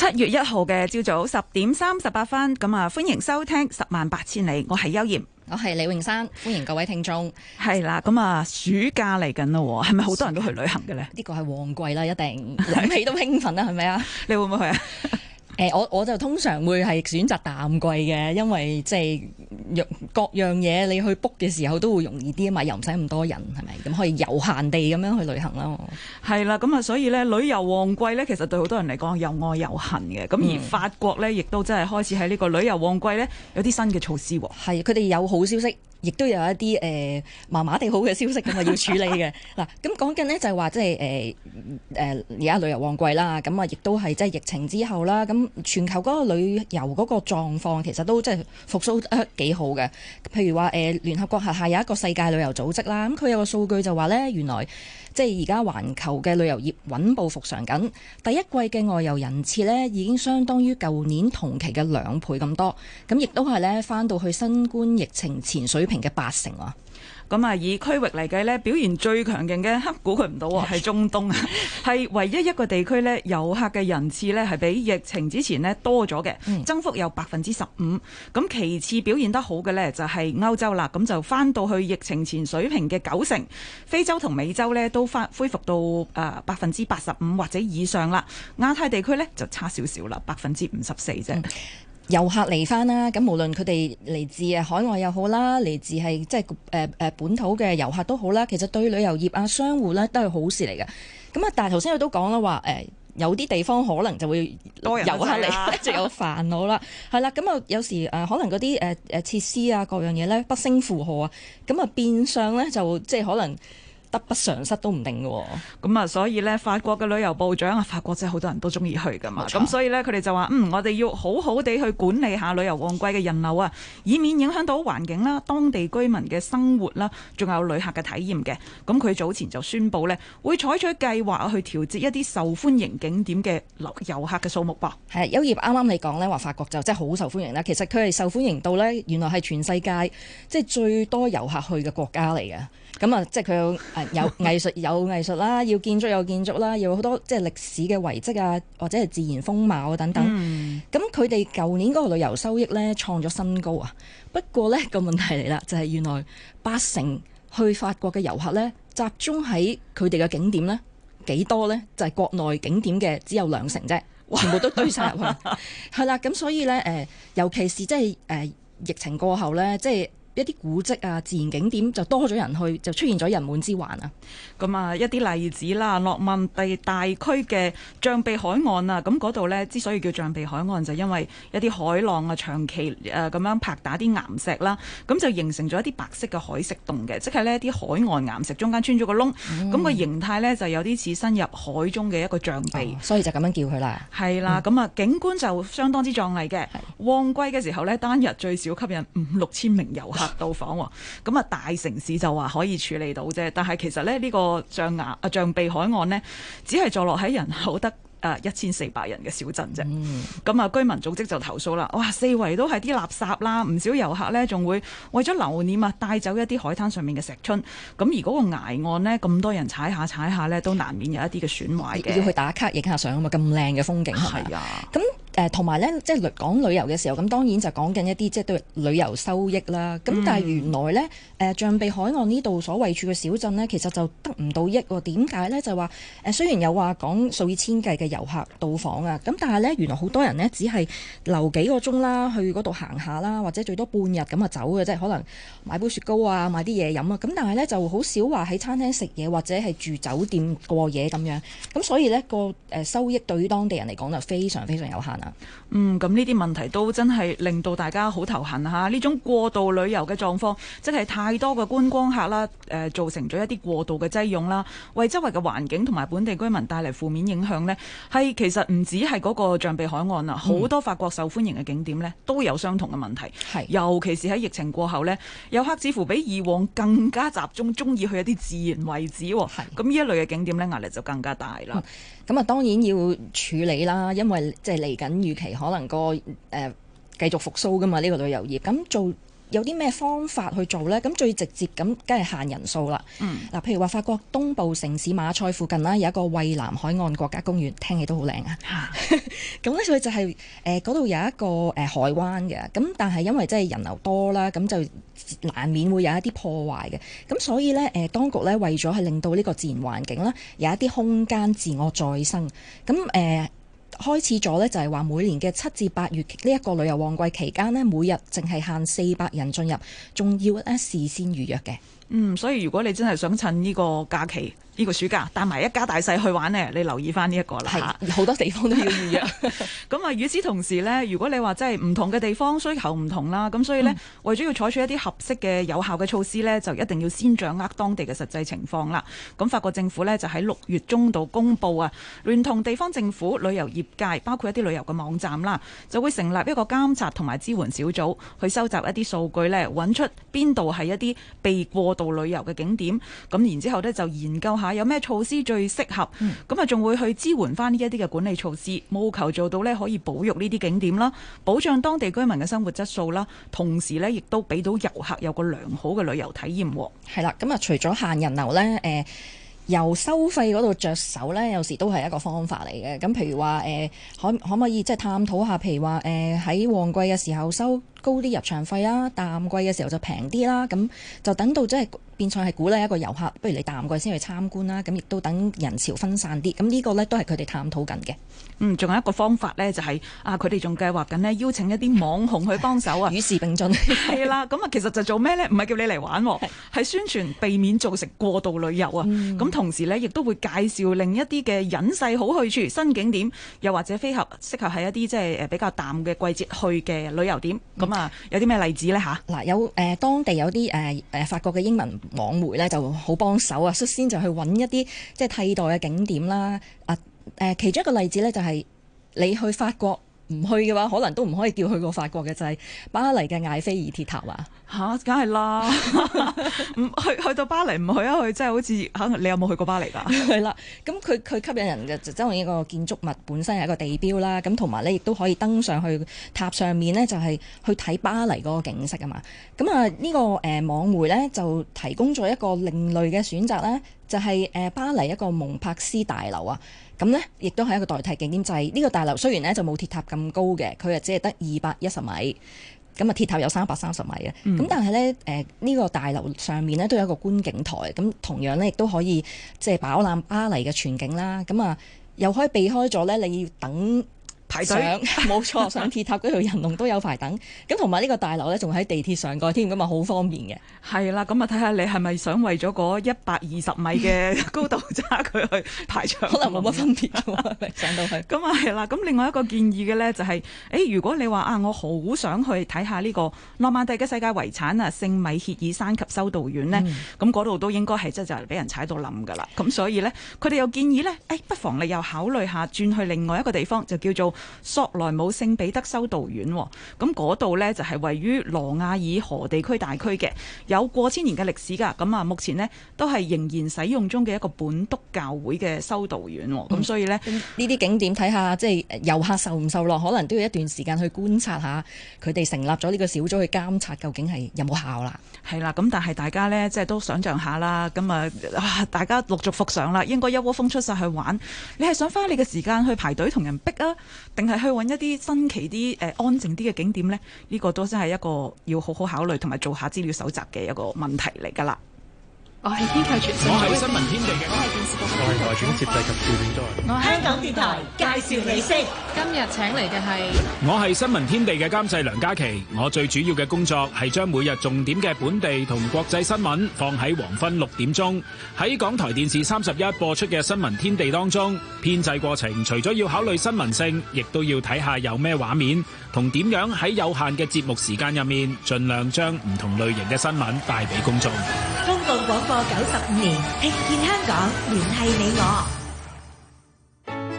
七月一號嘅朝早十點三十八分。咁啊歡迎收聽十萬八千里，我係邱艷，我係李永山，歡迎各位聽眾。係啦，咁啊暑假嚟緊咯，係咪好多人都去旅行嘅呢？呢個係旺季啦，一定諗起都興奮啦，係咪啊？你會唔會去啊？ 誒、欸、我我就通常會係選擇淡季嘅，因為即係各樣嘢你去 book 嘅時候都會容易啲啊嘛，又唔使咁多人，係咪？咁可以悠閒咁咁樣去旅行啦。係啦，咁啊，所以咧旅遊旺季咧，其實對好多人嚟講又愛又恨嘅。咁而法國咧，亦都真係開始喺呢個旅遊旺季咧，有啲新嘅措施喎。係，佢哋有好消息。亦都有一啲誒麻麻地好嘅消息咁啊，要處理嘅嗱。咁講緊呢，就係話即係誒誒，而家旅遊旺季啦。咁啊，亦都係即係疫情之後啦。咁全球嗰個旅遊嗰個狀況其實都即係復甦得幾好嘅。譬如話誒，聯合國轄下有一個世界旅遊組織啦。咁佢有個數據就話呢，原來。即係而家環球嘅旅遊業穩步復常緊，第一季嘅外遊人次呢，已經相當於舊年同期嘅兩倍咁多，咁亦都係呢，翻到去新冠疫情前水平嘅八成啊。咁啊，以區域嚟計呢，表現最強勁嘅，估佢唔到喎，係中東啊，係唯一一個地區呢，遊客嘅人次呢，係比疫情之前呢多咗嘅，增幅有百分之十五。咁其次表現得好嘅呢，就係歐洲啦，咁就返到去疫情前水平嘅九成。非洲同美洲呢都翻恢復到誒百分之八十五或者以上啦。亞太地區呢，就差少少啦，百分之五十四啫。遊客嚟翻啦，咁無論佢哋嚟自海外又好啦，嚟自係即係本土嘅遊客都好啦，其實對於旅遊業啊、商戶咧都係好事嚟嘅。咁啊，但係頭先佢都講啦，話、呃、有啲地方可能就會遊客嚟就、啊、 有煩惱啦，係啦， 咁啊有時可能嗰啲誒誒設施啊各樣嘢咧不勝負荷啊，咁啊變相咧就即係、就是、可能。得不償失都唔定嘅喎，哦，咁啊，所以呢，法國嘅旅遊部長啊，法國真係好多人都中意去嘅嘛，咁、冇錯、所以呢，佢哋就話，嗯，我哋要好好地去管理下旅遊旺季嘅人流啊，以免影響到環境啦、啊、當地居民嘅生活啦、啊，仲有旅客嘅體驗嘅。咁、嗯、佢早前就宣布呢，會採取計劃去調節一啲受歡迎景點嘅遊客嘅數目噃。係，優葉啱啱你講呢話法國就真係好受歡迎啦，其實佢係受歡迎到呢，原來係全世界即係、就是、最多遊客去嘅國家嚟嘅。咁啊，即係佢有藝術有藝術啦，要建築有建築啦，有好多即係歷史嘅遺跡啊，或者係自然風貌啊等等。咁佢哋舊年嗰個旅遊收益咧創咗新高啊！不過咧個問題嚟啦，就係、是、原來八成去法國嘅遊客咧，集中喺佢哋嘅景點咧幾多咧？就係、是、國內景點嘅只有兩成啫，全部都堆晒入去。係啦哇，咁 所以咧誒，尤其是即係誒疫情過後咧，即係。一啲古跡啊、自然景點就多咗人去，就出現咗人滿之患啊！咁啊，一啲例子啦，諾曼第大區嘅象鼻海岸啊，咁嗰度咧之所以叫象鼻海岸，就因為一啲海浪啊長期誒咁、呃、樣，拍打啲岩石啦，咁就形成咗一啲白色嘅海蝕洞嘅，即係呢啲海岸岩石中間穿咗個窿，咁、嗯、個形態咧就有啲似伸入海中嘅一個象鼻、哦，所以就咁樣叫佢啦。係啦、嗯，咁啊，景觀就相當之壯麗嘅。是旺季嘅時候咧，單日最少吸引五六千名遊客。到訪咁啊，大城市就話可以處理到啫，但係其實咧呢個象牙啊象鼻海岸呢，只係坐落喺人口得啊一千四百人嘅小鎮啫。咁啊、嗯、居民組織就投訴啦，哇，四圍都係啲垃圾啦，唔少遊客呢仲會為咗留念啊帶走一啲海灘上面嘅石春。咁而嗰個崖岸呢，咁多人踩下踩下呢，都難免有一啲嘅損壞嘅。要去打卡影下相啊嘛，咁靚嘅風景啊。係啊。咁誒同埋咧，即係講旅遊嘅時候，咁當然就講緊一啲即係對旅遊收益啦。咁、嗯、但係原來咧，誒象鼻海岸呢度所位處嘅小鎮咧，其實就得唔到益喎、哦。點解咧？就話誒雖然有話講數以千計嘅遊客到訪啊，咁但係咧原來好多人咧只係留幾個鐘啦，去嗰度行下啦，或者最多半日咁啊走嘅，即係可能買杯雪糕啊，買啲嘢飲啊。咁但係咧就好少話喺餐廳食嘢或者係住酒店過夜咁樣。咁所以咧、個誒收益對於當地人嚟講就非常非常有限。嗯，咁呢啲問題都真係令到大家好頭痕嚇。呢種過度旅遊嘅狀況，即係太多嘅觀光客啦、呃，造成咗一啲過度嘅擠擁啦，為周圍嘅環境同埋本地居民帶嚟負面影響呢。係其實唔止係嗰個象鼻海岸啊，好多法國受歡迎嘅景點呢都有相同嘅問題。嗯、尤其是喺疫情過後呢，是遊客似乎比以往更加集中，中意去一啲自然位置喎。咁呢是一類嘅景點呢，壓力就更加大啦。咁啊、嗯，當然要處理啦，因為即係嚟緊。預期可能個誒呃、繼續復甦噶嘛？呢個旅遊業咁做有啲咩方法去做呢？咁最直接咁，梗係限人數啦。嗯，嗱、啊，譬如話法國東部城市馬賽附近啦，有一個蔚藍海岸國家公園，聽起都好靚啊。咁 呢，所以就係誒嗰度有一個誒、呃、海灣嘅，咁但係因為即係人流多啦，咁就難免會有一啲破壞嘅。咁所以呢，誒、呃、當局呢，為咗係令到呢個自然環境啦有一啲空間自我再生，咁誒。呃開始咗咧，就係話每年嘅七至八月呢一個旅遊旺季期間，呢每日淨係限四百人進入，仲要咧事先預約嘅。嗯，所以如果你真係想趁呢個假期。呢個暑假帶埋一家大細去玩咧，你留意翻呢一個啦。係好多地方都要預約。咁啊，與此同時呢，如果你話即係唔同嘅地方需求唔同啦，咁所以呢，為咗要採取一啲合適嘅有效嘅措施呢，就一定要先掌握當地嘅實際情況啦。咁法覺政府呢，法國，就喺六月中度公佈啊，聯同地方政府、旅遊業界，包括一啲旅遊嘅網站啦，就會成立一個監察同埋支援小組，去收集一啲數據呢，揾出邊度係一啲被過度旅遊嘅景點，咁然之後呢，就研究一下。有咩措施最適合？咁啊，仲會去支援翻呢一啲嘅管理措施，務求做到呢可以保育呢啲景點啦，保障當地居民嘅生活質素啦，同時呢，亦都俾到遊客有個良好嘅旅遊體驗。係啦，咁啊，除咗限人流呢，誒、呃，由收費嗰度着手呢，有時都係一個方法嚟嘅。咁譬如話，誒、呃，可可唔可以即係探討下？譬如話，誒、呃，喺旺季嘅時候收高啲入場費啊，淡季嘅時候就平啲啦。咁就等到即係。變相係鼓勵一個遊客，不如你淡季先去參觀啦，咁亦都等人潮分散啲。咁呢個呢，都係佢哋探討緊嘅。嗯，仲有一個方法呢，就係、是、啊，佢哋仲計劃緊呢，邀請一啲網紅去幫手啊， 與時並進係 啦。咁啊，其實就做咩呢？唔係叫你嚟玩、啊，係是宣傳，避免造成過度旅遊啊。咁、嗯、同時呢，亦都會介紹另一啲嘅隱世好去處、新景點，又或者適合適合喺一啲即係比較淡嘅季節去嘅旅遊點。咁啊，有啲咩例子呢？嚇、啊、嗱、嗯啊，有誒、呃、當地有啲誒誒法國嘅英文。網媒咧就好幫手啊，率先就去揾一啲即係替代嘅景點啦。啊，誒其中一個例子咧就係你去法國，唔去嘅話，可能都唔可以叫去過法國嘅就係、是、巴黎嘅艾菲爾鐵塔啊！吓，梗係啦，去去到巴黎唔去啊！去真係好似你有冇去過巴黎㗎？係啦，咁佢佢吸引人嘅就係因呢個個建築物本身係一個地標啦，咁同埋你亦都可以登上去塔上面咧，就係去睇巴黎嗰個景色啊嘛。咁啊，呢個誒網媒咧就提供咗一個另類嘅選擇咧，就係誒巴黎一個蒙帕斯大樓啊。咁咧，亦都係一個代替景點制。呢、就是、個大樓雖然咧就冇鐵塔咁高嘅，佢啊只係得二百一十米。咁啊，鐵塔有三百三十米嘅。咁、嗯、但係咧，呢、呃呢個大樓上面咧都有一個觀景台。咁同樣咧，亦都可以即係飽覽巴黎嘅全景啦。咁啊，又可以避開咗咧，你要等。排隊冇錯， 上鐵塔嗰條人龍都有排等，咁同埋呢個大樓咧，仲喺地鐵上過添，咁啊好方便嘅。係啦，咁啊睇下你係咪想為咗嗰一百二十米嘅高度差距去排長？ 可能冇乜分別㗎上到去。咁啊係啦，咁另外一個建議嘅咧就係、是，誒、哎、如果你話啊，我好想去睇下呢個諾曼第嘅世界遺產啊，聖米歇爾山及修道院呢，咁嗰度都應該係即係就俾、是、人踩到冧㗎啦。咁所以咧，佢哋又建議咧，誒、哎、不妨你又考慮下轉去另外一個地方，就叫做，索萊姆聖彼得修道院，咁嗰度呢就係位於羅亞爾河地區大區嘅，有過千年嘅歷史噶。咁啊，目前呢都係仍然使用中嘅一個本篤教會嘅修道院。咁所以呢，呢啲、嗯嗯、景點睇下，即係遊客受唔受落，可能都要一段時間去觀察下，佢哋成立咗呢個小組去監察，究竟係有冇效啦。係啦，咁但係大家呢，即係都想象下啦。咁啊，大家陸續復上啦，應該一窩蜂出晒去玩。你係想花你嘅時間去排隊同人逼啊？淨係去揾一啲新奇啲、誒、呃、安靜啲嘅景點呢，呢、呢個都真係一個要好好考慮同埋做下資料搜集嘅一個問題嚟噶啦。我係編排主任，我係新聞天地嘅，我係電視節目台，我係台前攝製及調片。我香港電台介紹你識，今日請嚟嘅係我係新聞天地嘅監製梁嘉琪。我最主要嘅工作係將每日重點嘅本地同國際新聞放喺黃昏六點鐘喺港台電視三十一播出嘅新聞天地當中編製過程，除咗要考慮新聞性，亦都要睇下有咩畫面同點樣喺有限嘅節目時間入面，盡量將唔同類型嘅新聞帶俾公眾。公共廣播。過九十五年，聽見香港，聯繫你我。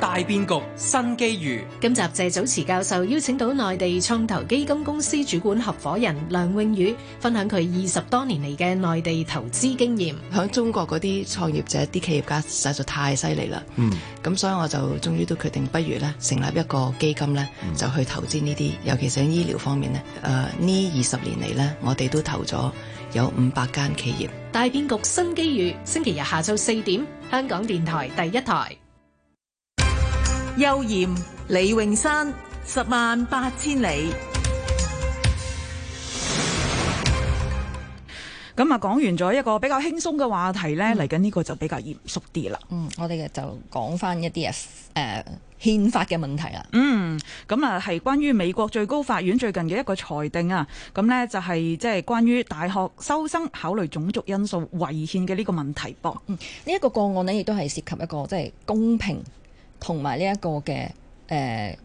大變局，新機遇。今集謝祖慈教授邀請到內地創投基金公司主管合伙人梁穎宇，分享佢二十多年嚟嘅內地投資經驗。喺中國嗰啲創業者、啲企業家實在太犀利啦。嗯，咁所以我就終於都決定不如咧，成立一個基金咧，就去投資呢啲，尤其是喺醫療方面咧。誒、呃，呢二十年嚟咧，我哋都投咗有五百間企業。大變局，新機遇。星期日下晝四點，香港電台第一台。邱賢、李永山，十萬八千里。咁啊，講完咗一個比較輕鬆嘅話題呢，嚟緊呢個就比較嚴肅啲啦。嗯，我哋就講翻一啲誒，誒、呃，憲法嘅問題啦。嗯，咁啊，係關於美國最高法院最近嘅一個裁定啊，咁呢就係即係關於大學收生考慮種族因素違憲嘅呢個問題噃。嗯，呢、這、一個個案呢亦都係涉及一個即係、就是、公平。同埋呢一個嘅誒、呃、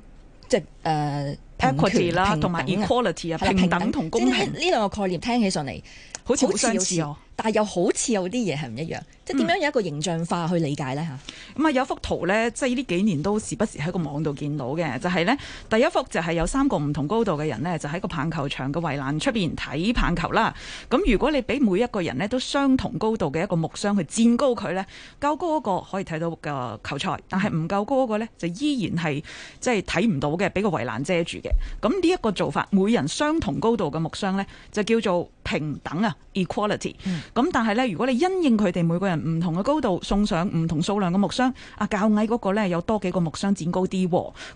即係誒 equity 啦，同、呃、埋 equality 啊，和 equality，平等同公平呢兩個概念聽起上嚟，好似好相似哦。但又好似有啲嘢係唔一樣，即係點樣有一個形象化去理解咧吓，咁啊、嗯嗯？有幅圖咧，即係呢幾年都時不時喺個網度見到嘅，就係、是、咧第一幅就係有三個唔同高度嘅人咧，就喺個棒球場嘅圍欄出邊睇棒球啦。咁如果你俾每一個人咧都相同高度嘅一個木箱去占高佢咧，夠高嗰個可以睇到個球賽，但係唔夠高嗰個咧就依然係即係睇唔到嘅，俾個圍欄遮住嘅。咁呢一個做法，每人相同高度嘅木箱咧，就叫做平等啊 equality。嗯咁但係咧，如果你因應佢哋每個人唔同嘅高度送上唔同數量嘅木箱，阿較矮嗰個咧有多幾個木箱剪高啲，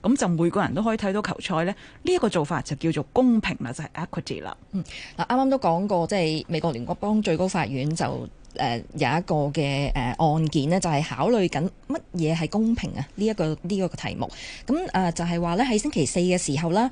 咁就每個人都可以睇到球賽呢，呢一個做法就叫做公平啦，就係 equity 啦。嗯，嗱，啱啱都講過，即係美國聯邦最高法院就誒有一個嘅誒案件呢，就係考慮緊乜嘢係公平啊？呢一個呢一個題目，咁誒就係話呢，喺星期四嘅時候啦，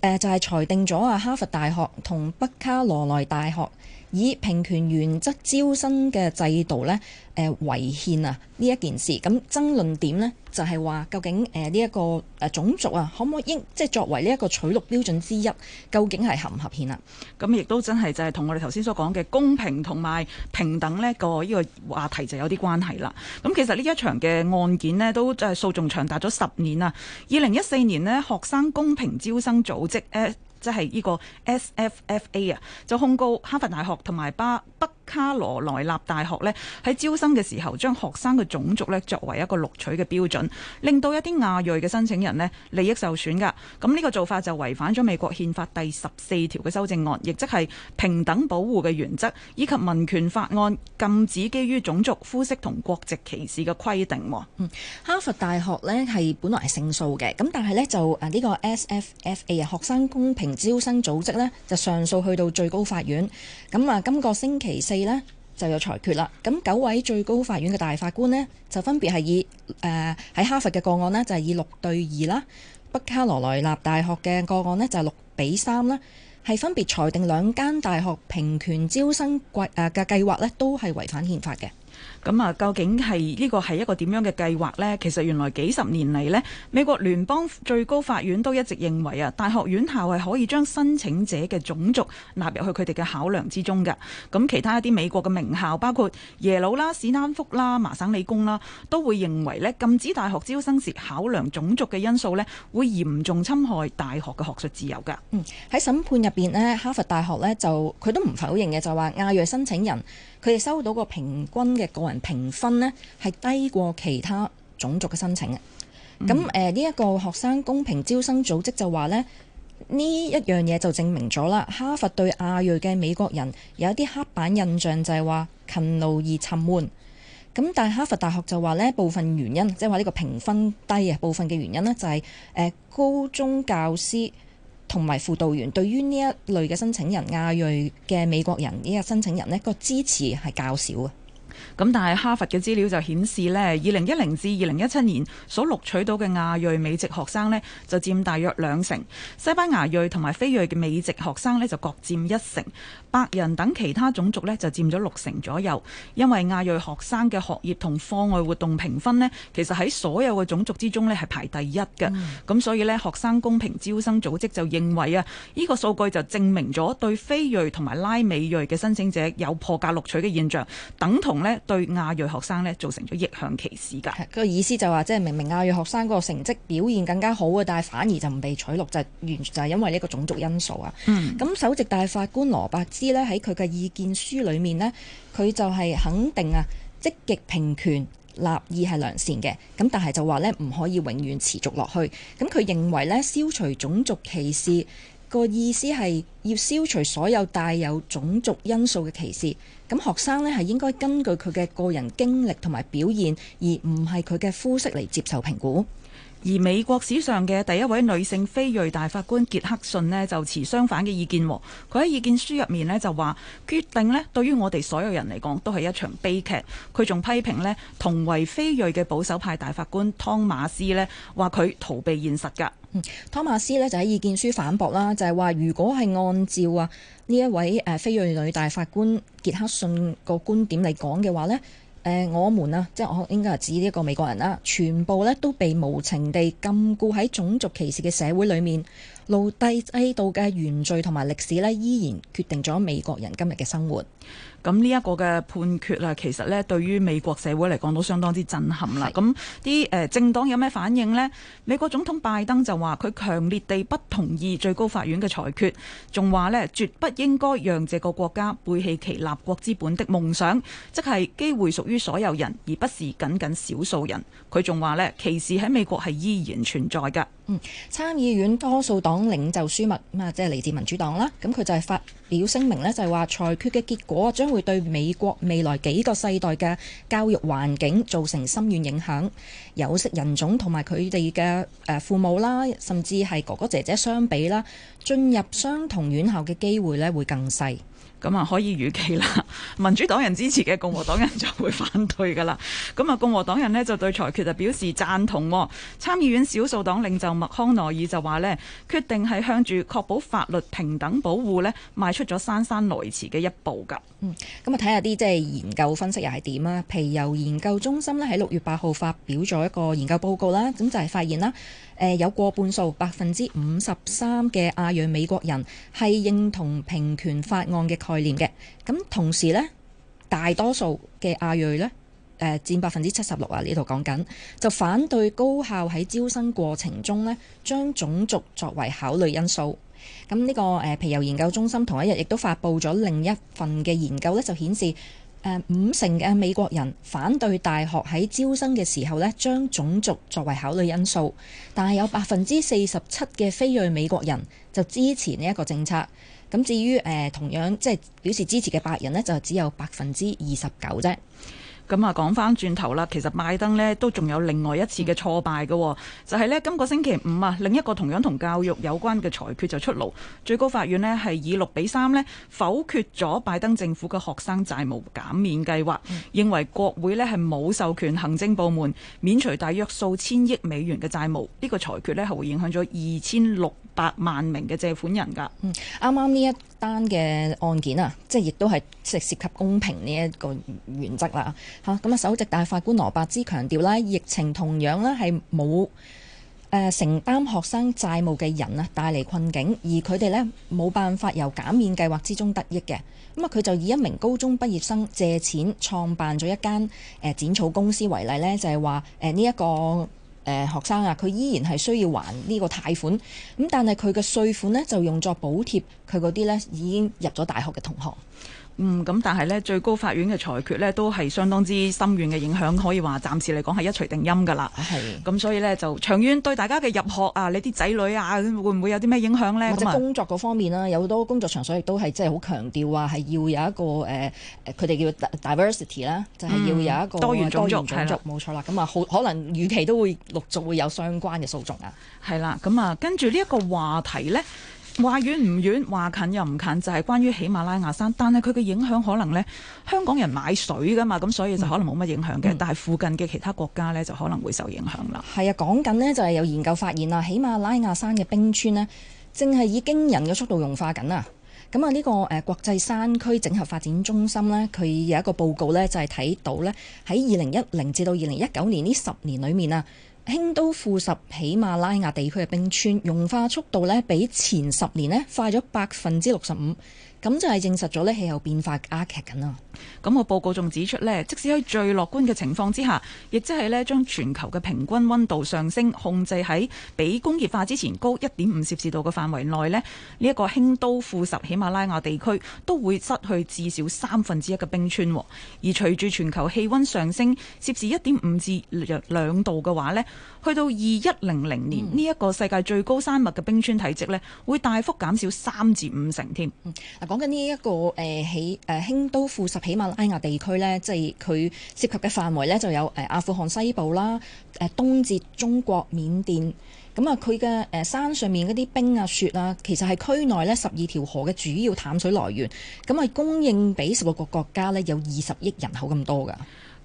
誒就係裁定咗啊哈佛大學同北卡羅來大學。以平權原則招生嘅制度咧，誒、呃、違憲啊！呢一件事咁爭論點咧，就係、是、話究竟誒呢一個誒、呃、種族啊，可唔可以即係作為呢一個取錄標準之一？究竟係合唔合憲啊？咁亦都真係就係同我哋頭先所講嘅公平同埋平等咧個呢、這個話題就有啲關係啦。咁其實呢一場嘅案件咧，都誒訴訟長達咗十年啦！二零一四年咧，學生公平招生組織誒。呃即係呢個 SFFA 啊，就控告哈佛大學同埋巴北卡羅來納大學咧，喺招生嘅時候，將學生嘅種族咧，作為一個錄取嘅標準，令到一啲亞裔嘅申請人咧，利益受損㗎。咁呢個做法就違反咗美國憲法第十四條嘅修正案，亦即係平等保護嘅原則，以及民權法案禁止基於種族、膚色同國籍歧視嘅規定。哈佛大學咧，係本來係勝訴嘅，咁但係咧就誒呢個 SFFA 啊學生公平招生組織咧就上訴去到最高法院。咁啊，今個星期四四就有裁決啦，咁九位最高法院嘅大法官呢，就分別係以誒喺、呃、哈佛嘅個案呢，就係、是、以六對二啦，北卡羅來納大學嘅個案呢，就係、是、六比三啦，係分別裁定兩間大學平權招生計誒嘅計劃呢都係違反憲法嘅。咁啊，究竟係呢個係一個點樣嘅計劃呢？其實原來幾十年嚟呢，美國聯邦最高法院都一直認為啊，大學院校係可以將申請者嘅種族納入去佢哋嘅考量之中嘅。咁其他一啲美國嘅名校，包括耶魯啦、史丹福啦、麻省理工啦，都會認為禁止大學招生時考量種族嘅因素咧，會嚴重侵害大學嘅學術自由嘅。嗯，喺審判入面呢，哈佛大學呢，就佢都唔否認嘅，就話亞裔申請人。佢哋收到個平均嘅個人評分呢，係低過其他種族嘅申請嘅。咁誒呢一個學生公平招生組織就話咧，呢一樣嘢就證明咗啦。哈佛對亞裔嘅美國人有一啲黑板印象，就係話勤勞而沉悶。咁但係哈佛大學就話呢，部分原因即係話呢個評分低啊，部分嘅原因呢、就係，就、呃、係高中教師。同埋輔導員對於呢一類嘅申請人，亞裔嘅美國人呢、呢個申請人呢個支持係較少啊。咁但係哈佛嘅資料就顯示呢二零一零至二零一七年所錄取到嘅亞裔美籍學生呢，就佔大約兩成；西班牙裔同埋非裔嘅美籍學生呢，就各佔一成；白人等其他種族呢，就佔咗六成左右。因為亞裔學生嘅學業同課外活動評分呢，其實喺所有嘅種族之中呢，係排第一嘅。咁、嗯、所以呢，學生公平招生組織就認為啊，呢個數據就證明咗對非裔同埋拉美裔嘅申請者有破格錄取嘅現象，等同。咧，對亞裔學生咧造成咗逆向歧視。噶個意思就話，即係明明亞裔學生個成績表現更加好啊，但係反而就唔被取錄，就係完全就係因為呢個種族因素啊。嗯，咁首席大法官羅伯茲咧喺佢嘅意見書裏面呢，佢就係肯定啊積極平權立意係良善嘅，咁但係就話咧唔可以永遠持續落去。咁佢認為咧消除種族歧視。個意思係要消除所有帶有種族因素嘅歧視，咁學生呢係應該根據佢嘅個人經歷同埋表現，而唔係佢嘅膚色嚟接受評估。而美國史上嘅第一位女性非裔大法官傑克遜呢，就持相反嘅意見。佢喺意見書入面呢，就話，決定呢對於我哋所有人嚟講都係一場悲劇。佢仲批評呢同為非裔嘅保守派大法官湯馬斯呢，話佢逃避現實㗎。嗯、托馬斯咧就喺意見書反駁啦，就係、是、話如果係按照啊呢一位誒非裔女大法官傑克遜個觀點嚟講嘅話呢，誒、呃、我們啊，即係我應該係指呢一個美國人啦，全部咧都被無情地禁錮喺種族歧視嘅社會裡面，奴隸制度嘅原罪同埋歷史呢，依然決定咗美國人今日嘅生活。咁呢一個嘅判決啊，其實呢對於美國社會嚟講都相當之震撼啦。咁啲是政黨有咩反應呢？美國總統拜登就話佢強烈地不同意最高法院嘅裁決，仲話呢絕不應該讓這個國家背棄其立國之本的夢想，即係機會屬於所有人，而不是僅僅少數人。佢仲話呢歧視喺美國係依然存在㗎。嗯，參議院多數黨領袖舒默啊，即係嚟自民主黨啦。咁佢就係發表聲明呢就係話裁決嘅結果將會對美國未來幾個世代嘅教育環境造成深遠影響，有色人種同埋佢哋嘅誒父母啦，甚至係哥哥姐姐相比啦，進入相同院校嘅機會呢會更細，咁啊可以預期啦。民主黨人支持嘅共和黨人就會反對噶啦。咁啊，共和黨人呢就對裁決就表示贊同，哦。參議院少數黨領袖麥康奈爾就話呢，決定係向住確保法律平等保護呢，邁出咗姍姍來遲嘅一步噶。嗯，咁啊，睇下啲即係研究分析又係點啊？皮尤研究中心呢喺六月八號發表咗一個研究報告啦，咁就係發現啦，誒有過半數百分之五十三嘅亞裔美國人係認同平權法案嘅概念嘅。咁同時呢，大多數嘅亞裔呢，誒、呃、佔百分之七十六啊，呢度講緊就反對高校喺招生過程中呢將種族作為考慮因素。咁呢、呢個誒皮尤研究中心同一日亦都發布咗另一份嘅研究呢，就顯示誒、呃、五成嘅美國人反對大學喺招生嘅時候呢將種族作為考慮因素，但係有百分之四十七嘅非裔美國人就支持呢一個政策。咁至於誒同樣即係表示支持嘅白人呢，就只有百分之二十九啫。咁啊，講翻轉頭啦，其實拜登咧都仲有另外一次嘅挫敗嘅，就係咧今個星期五啊，另一個同樣同教育有關嘅裁決就出爐。最高法院咧係以六比三咧否決咗拜登政府嘅學生債務減免計劃，認為國會咧係冇授權行政部門免除大約數千億美元嘅債務，呢個裁決咧係會影響咗二千六百萬名嘅借款人噶。嗯，啱啱呢一單嘅案件啊，即係亦都係涉涉及公平呢一個原則啦。嚇咁啊，首席大法官羅伯茲強調咧，疫情同樣咧係冇誒承擔學生債務嘅人啊，帶嚟困境，而佢哋咧冇辦法由減免計劃之中得益嘅咁啊。佢就以一名高中畢業生借錢創辦咗一間誒剪、呃、草公司為例咧，就係話誒呢一個。誒、呃、學生啊，佢依然係需要還呢個貸款，咁但係佢嘅稅款呢，就用作補貼佢嗰啲呢，已經入咗大學嘅同學。嗯，咁但係咧，最高法院嘅裁決咧，都係相當之深遠嘅影響，可以話暫時嚟講係一錘定音㗎啦。係是。咁所以咧，就長遠對大家嘅入學啊，你啲仔女啊，會唔會有啲咩影響咧？或者工作嗰方面啦，就有好多工作場所亦都係即係好強調話係要有一個誒誒，佢、呃、哋叫 diversity 啦，就係要有一個多元種族，係啦、嗯，冇的錯啦。咁啊，好可能預期都會陸續會有相關嘅訴訟啊。係啦，咁啊，跟住呢一個話題咧。話遠唔遠，話近又唔近，就係關於喜馬拉雅山。但係佢嘅影響可能呢，香港人買水㗎嘛，咁所以就可能冇乜影響嘅。嗯、但係附近嘅其他國家呢，就可能會受影響啦。係啊，講緊呢，就係有研究發現啦，喜馬拉雅山嘅冰川呢，正係以驚人嘅速度融化緊啊！咁啊，呢個誒國際山區整合發展中心呢，佢有一個報告呢，就係睇到呢，喺二零一零至到二零一九年呢十年裏面啊。興都庫什喜馬拉雅地區嘅冰川融化速度呢，比前十年呢快咗百分之六十五。咁就係證實咗咧氣候變化加劇緊啦。咁個報告仲指出呢，即使喺最樂觀嘅情況之下，亦即係呢將全球嘅平均溫度上升控制喺比工業化之前高一點五攝氏度嘅範圍內呢，呢一個興都富十喜馬拉雅地區都會失去至少三分之一嘅冰川。而隨住全球氣溫上升，攝氏一點五至兩度嘅話呢，去到二一零零年呢一個世界最高山脈嘅冰川體積呢，會大幅減少三至五成添。嗯講緊呢一個誒喺誒興都庫什喜馬拉雅地區咧，即係佢涉及嘅範圍咧，就有誒阿富汗西部啦，誒東至中國緬甸。咁啊，佢嘅誒山上面嗰啲冰啊雪啊，其實係區內咧十二條河嘅主要淡水來源。咁啊，供應俾十個國國家咧，有二十億人口咁多㗎。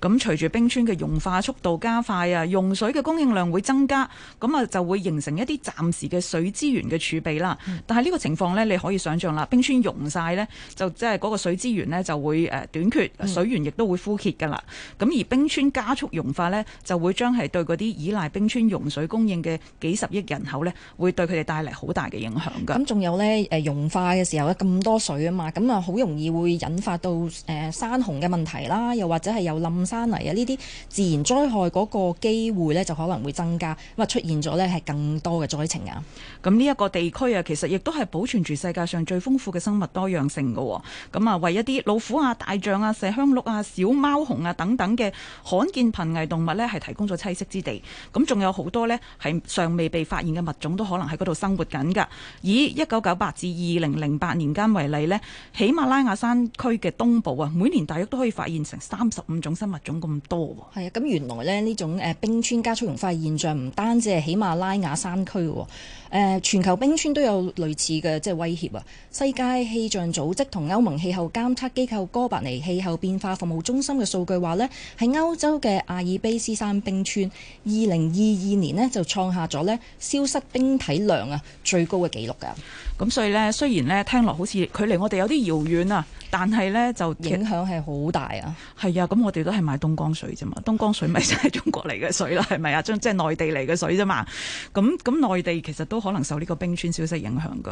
咁隨住冰川嘅融化速度加快啊，融水嘅供應量會增加，咁啊就會形成一啲暫時嘅水資源嘅儲備啦。嗯、但係呢個情況呢，你可以想象啦，冰川溶晒呢，就即係嗰個水資源呢就會短缺，水源亦都會枯竭㗎啦。咁、嗯、而冰川加速融化呢，就會將係對嗰啲依賴冰川融水供應嘅幾十億人口呢，會對佢哋帶嚟好大嘅影響㗎。咁仲有呢，融化嘅時候咧，咁多水啊嘛，咁啊好容易會引發到、呃、山洪嘅問題啦，又或者係有冧山泥啊，呢啲自然災害嗰個機會咧，就可能會增加咁啊，出現咗咧係更多嘅災情啊。咁呢一個地區啊，其實亦都係保存住世界上最豐富嘅生物多樣性噶，哦。咁啊，為一啲老虎啊、大象啊、麝香鹿啊、小貓熊啊等等嘅罕見瀕危動物咧，係提供咗棲息之地。咁仲有好多咧係尚未被發現嘅物種都可能喺嗰度生活緊噶。以一九九八至二零零八年間為例咧，喜馬拉雅山區嘅東部啊，每年大約都可以發現成三十五種生物種咁多喎，係啊，咁原來咧呢種誒冰川加速融化嘅現象唔單止係喜馬拉雅山區嘅誒全球冰川都有類似嘅即係威脅啊。世界氣象組織同歐盟氣候監測機構哥白尼氣候變化服務中心嘅數據話呢喺歐洲嘅阿爾卑斯山冰川，二零二二年呢就創下咗咧消失冰體量啊最高嘅紀錄㗎。咁所以咧，雖然咧聽落好似距離我哋有啲遙遠啊，但係咧就影響係好大啊。係啊，咁我哋都係買東江水啫嘛，東江水咪就係中國嚟嘅水啦，係咪啊？即係內地嚟嘅水啫嘛。咁咁內地其實都可能受呢個冰川消失影響㗎。